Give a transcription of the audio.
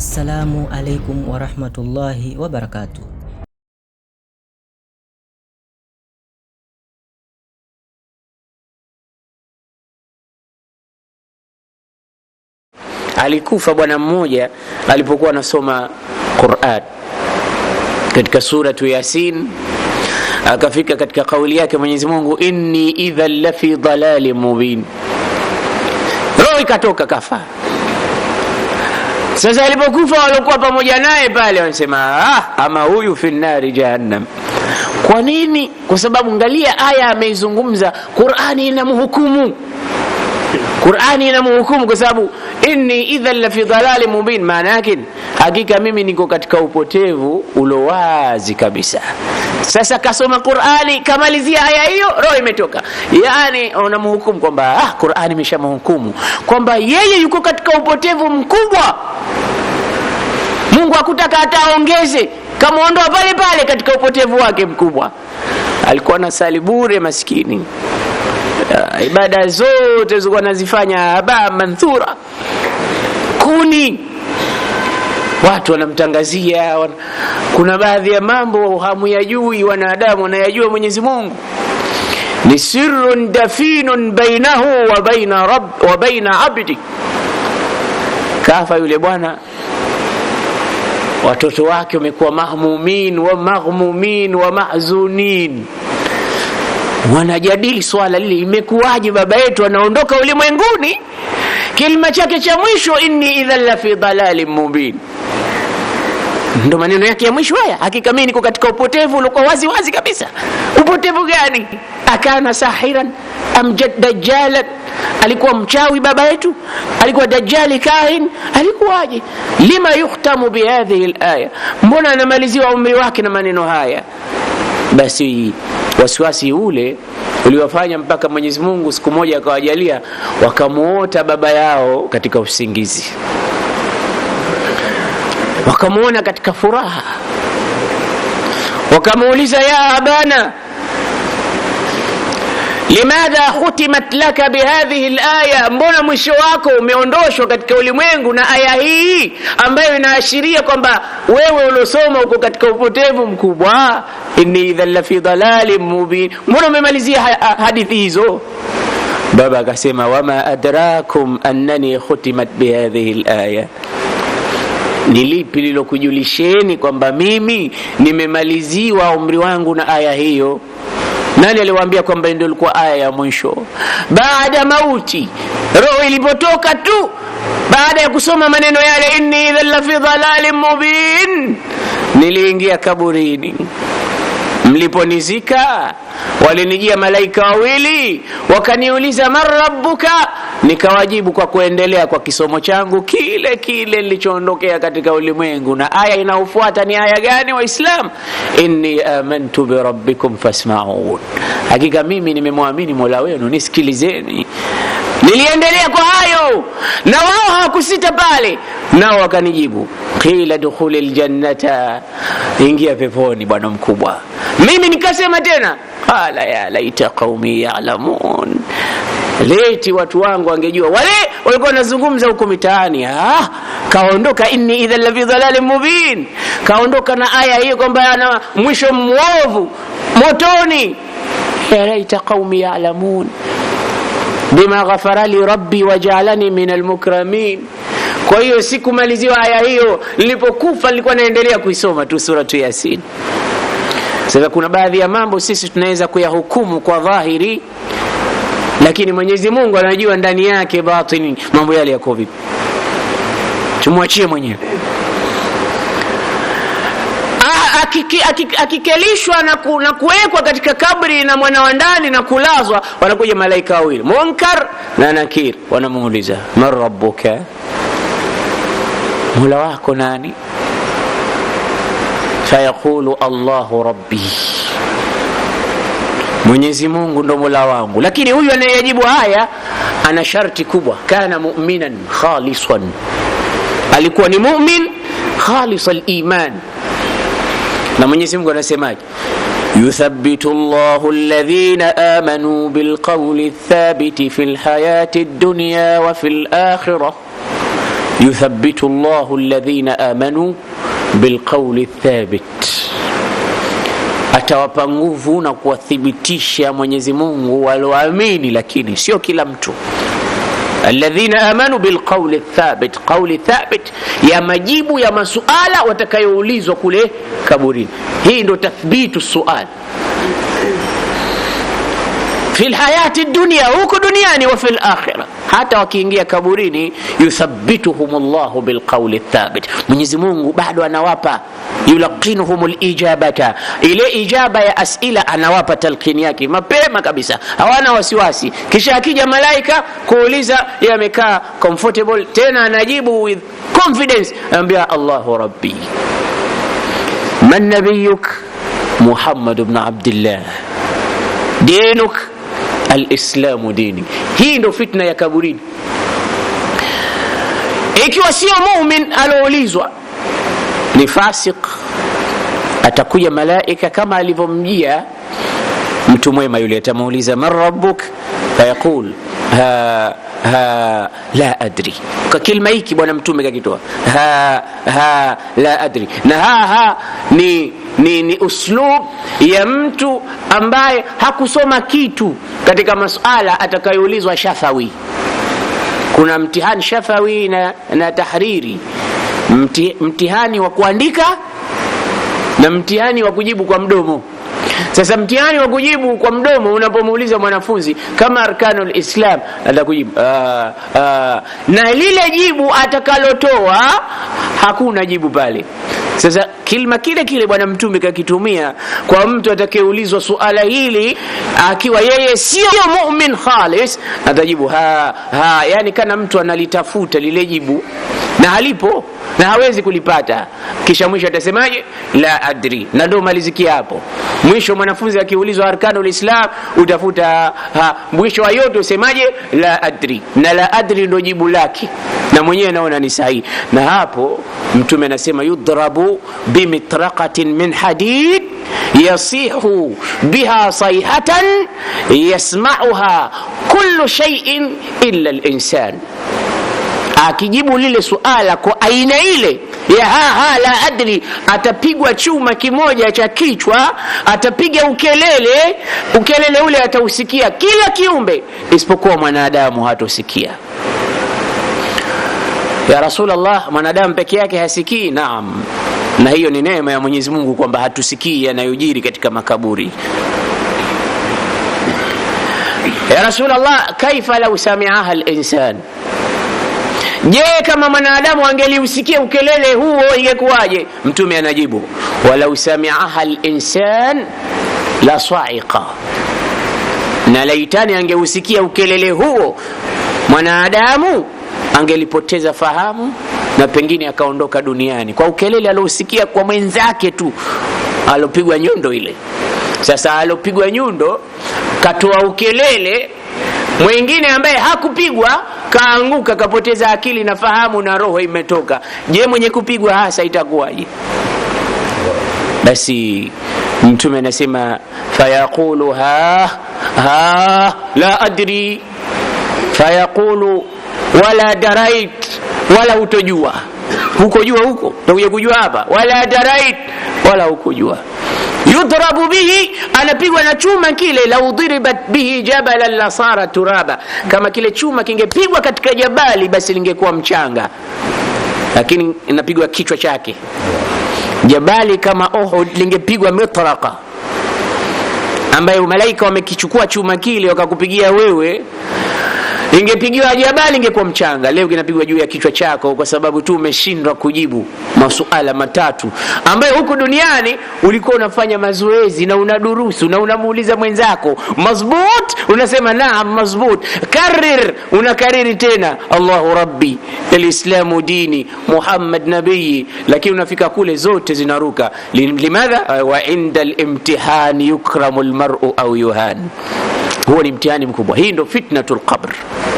Assalamu alaikum warahmatullahi wabarakatuh. Alikufa bwana mmoja alipokuwa anasoma Qur'an katika suratu Yasin, akafika katika kauli yake Mwenyezi Mungu, inni idhan lafi dhalalin mubin, roho ikatoka kafa sasa alipokufa waliokuwa pamoja naye pale wanasema ah, ama huyu fi nnari jahannam. Kwa nini? Kwa sababu ngalia aya ameizungumza, Qur'ani inamhukumu Qur'ani inamhukumu kwa sababu inni idhan la fi dhalalin mubin, maana yake hakika mimi niko katika upotevu ulo wazi kabisa. Sasa kasoma Qur'ani, kamalizia aya hiyo, roho imetoka. Yaani unamhukumu kwamba ah, Qur'ani imeshamhukumu kwamba yeye yuko katika upotevu mkubwa. Mungu akutaka ataongeze, kamwondoa pale pale katika upotevu wake mkubwa. Alikuwa na sali bure maskini. Uh, ibada zote zilikuwa nazifanya ba manthura kuni watu wanamtangazia wana... kuna baadhi ya mambo hamuyajui wanadamu wanayajua Mwenyezi Mungu ni sirrun dafinun bainahu wa baina wa baina abdi kafa yule bwana watoto wake wamekuwa mahmumin wa maghmumin wa mahzunin wanajadili swala lile imekuwaje baba yetu anaondoka ulimwenguni kilima chake cha mwisho inni idhan la fi dalalin mubin Ndo maneno yake ya mwisho haya. Hakika mimi niko katika upotevu uliokuwa wazi wazi kabisa. Upotevu gani? Akana sahiran am dajjalan, alikuwa mchawi baba yetu? Alikuwa dajjali kahin? Alikuwaje? Lima yuhtamu bihadhihi alaya, mbona anamaliziwa umri wake na maneno haya? Basi wasiwasi ule uliwafanya mpaka Mwenyezi Mungu siku moja akawajalia wakamuota baba yao katika usingizi wakamwona katika furaha wakamuuliza ya abana limadha khutimat laka bihadhihi laya, mbona mwisho wako umeondoshwa katika ulimwengu na aya hii ambayo inaashiria kwamba wewe uliosoma uko katika upotevu mkubwa. inni idhan lafi dalalin mubin, mbona umemalizia hadithi hizo? Baba akasema wama adrakum annani khutimat bihadhihi laya ni lipi lilokujulisheni kwamba mimi nimemaliziwa umri wangu na aya hiyo? Nani aliwaambia kwamba ndio ilikuwa aya ya mwisho? Baada mauti, roho ilipotoka tu, baada ya kusoma maneno yale, inni idhan la fi dhalalin mubin, niliingia kaburini. Mliponizika walinijia malaika wawili wakaniuliza, man rabbuka nikawajibu kwa kuendelea kwa kisomo changu kile kile nilichoondokea katika ulimwengu. Na aya inayofuata ni aya gani, Waislam? inni amantu birabbikum fasmaun, hakika mimi nimemwamini mola wenu nisikilizeni. Niliendelea kwa hayo, na wao hawakusita pale, nao wakanijibu qila dukhuli ljannata, ingia peponi bwana mkubwa. Mimi nikasema tena qala ya laita qaumi yalamun leti watu wangu wangejua wale walikuwa wanazungumza huko mitaani, ah, kaondoka inni idha lafi dhalalin mubin, kaondoka na aya hiyo kwamba ana mwisho mwovu motoni. ya laita qaumi ya'lamun bima ghafara li rabbi wajaalani min almukramin. Kwa hiyo sikumaliziwa aya hiyo, nilipokufa nilikuwa naendelea kuisoma tu suratu Yasin. Sasa kuna baadhi ya mambo sisi tunaweza kuyahukumu kwa dhahiri lakini Mwenyezi Mungu anajua ndani yake batini mambo yale yako vipi. Tumwachie mwenyewe akikelishwa na, na kuwekwa katika kabri na mwana wa ndani na kulazwa, wanakuja malaika wawili Munkar na Nakir, wanamuuliza man rabuka mula wako nani? Fayaqulu Allahu rabbi mwenyezi mungu ndo mola wangu lakini huyu anayejibu haya ana sharti kubwa kana muminan khalisan alikuwa ni mumin khalis al-iman. na mwenyezi mungu anasemaje يثبت الله الذين آمنوا بالقول الثابت في الحياة الدنيا وفي الآخرة يثبت الله الذين آمنوا بالقول الثابت atawapa nguvu na kuwathibitisha Mwenyezi Mungu walioamini, lakini sio kila mtu. Alladhina amanu bilqauli thabit, qauli thabit ya majibu ya masuala watakayoulizwa kule kaburini. Hii ndio tathbitu sual fi lhayati dunya, huko duniani wa fil akhirah hata wakiingia kaburini, yuthabbituhum llahu bilqauli thabit, Mwenyezi Mungu bado anawapa. Yulaqinuhum lijabata, ile ijaba ya asila anawapa talkini yake mapema kabisa, hawana wasiwasi. Kisha akija malaika kuuliza, yeye amekaa comfortable, tena anajibu with confidence, anambia Allahu rabbi man nabiyuk Muhammad ibn Abdillah dinuk alislamu dini. Hii ndo fitna ya kaburini. Ikiwa sio mumin aloulizwa ni fasik, atakuja malaika kama alivyomjia mtu mwema yule, atamuuliza man rabbuk, fayaqul ha ha la adri. Kwa kilma hiki bwana mtume kakitoa ha, ha la adri, na ha ha ni, ni, ni uslub ya mtu ambaye hakusoma kitu katika masuala atakayoulizwa shafawi. Kuna mtihani shafawi na, na tahriri mti, mtihani wa kuandika na mtihani wa kujibu kwa mdomo sasa mtihani wa kujibu kwa mdomo unapomuuliza mwanafunzi kama arkanul Islam atakujibu ah, ah. na lile jibu atakalotoa hakuna jibu pale. Sasa kilima kile kile Bwana Mtume kakitumia kwa mtu atakayeulizwa suala hili akiwa yeye sio mumin khalis, atajibu ha, ha, yani kana mtu analitafuta lile jibu na halipo na hawezi kulipata, kisha mwisho atasemaje? La adri, na ndio malizikia hapo. Mwisho mwanafunzi akiulizwa arkanul Islam utafuta ha, mwisho wa yote usemaje? La adri, na la adri ndo jibu lake, na mwenyewe anaona ni sahihi. Na hapo Mtume anasema yudrabu bimitraqatin min hadid yasihu biha saihatan yasmauha kullu shay'in illa linsan insan akijibu lile suala kwa aina ile ya ha, ha, la adri, atapigwa chuma kimoja cha kichwa, atapiga ukelele. Ukelele ule atausikia kila kiumbe isipokuwa mwanadamu hatosikia. Ya Rasulullah, mwanadamu peke yake hasikii? Naam, na hiyo ni neema ya Mwenyezi Mungu kwamba hatusikii yanayojiri katika makaburi. Ya Rasulullah, kaifa lau samiaha al-insan Je, kama mwanadamu angeliusikia ukelele huo ingekuwaje? Mtume anajibu walau samiaha linsan la saika, na laitani angeusikia ukelele huo mwanadamu angelipoteza fahamu na pengine akaondoka duniani kwa ukelele aliosikia kwa mwenzake tu alopigwa nyundo ile. Sasa alopigwa nyundo katoa ukelele Mwingine ambaye hakupigwa kaanguka, kapoteza akili na fahamu na roho imetoka. Je, mwenye kupigwa hasa itakuwaje? Basi Mtume anasema fayaqulu ha, ha la adri, fayaqulu wala darait, wala hutojua. Hukojua huko takuja kujua hapa, wala darait, wala hukujua yudhrabu bihi, anapigwa na chuma kile. Lau dhiribat bihi jabala lasara turaba, kama kile chuma kingepigwa katika jabali basi lingekuwa mchanga, lakini inapigwa kichwa chake. Jabali kama Uhud lingepigwa mitraka, ambayo malaika wamekichukua chuma kile wakakupigia wewe Ingepigiwa jabali ingekuwa mchanga, leo kinapigwa juu ya kichwa chako, kwa sababu tu umeshindwa kujibu masuala matatu ambayo huku duniani ulikuwa unafanya mazoezi na unadurusu na unamuuliza mwenzako, mazbut, unasema naam, mazbut. Karir, unakariri tena, Allahu rabbi lislamu dini Muhammad nabii, lakini unafika kule zote zinaruka. Limadha wa inda limtihani yukramu lmaru au yuhani huo ni mtihani mkubwa. Hii ndo fitnatul qabr.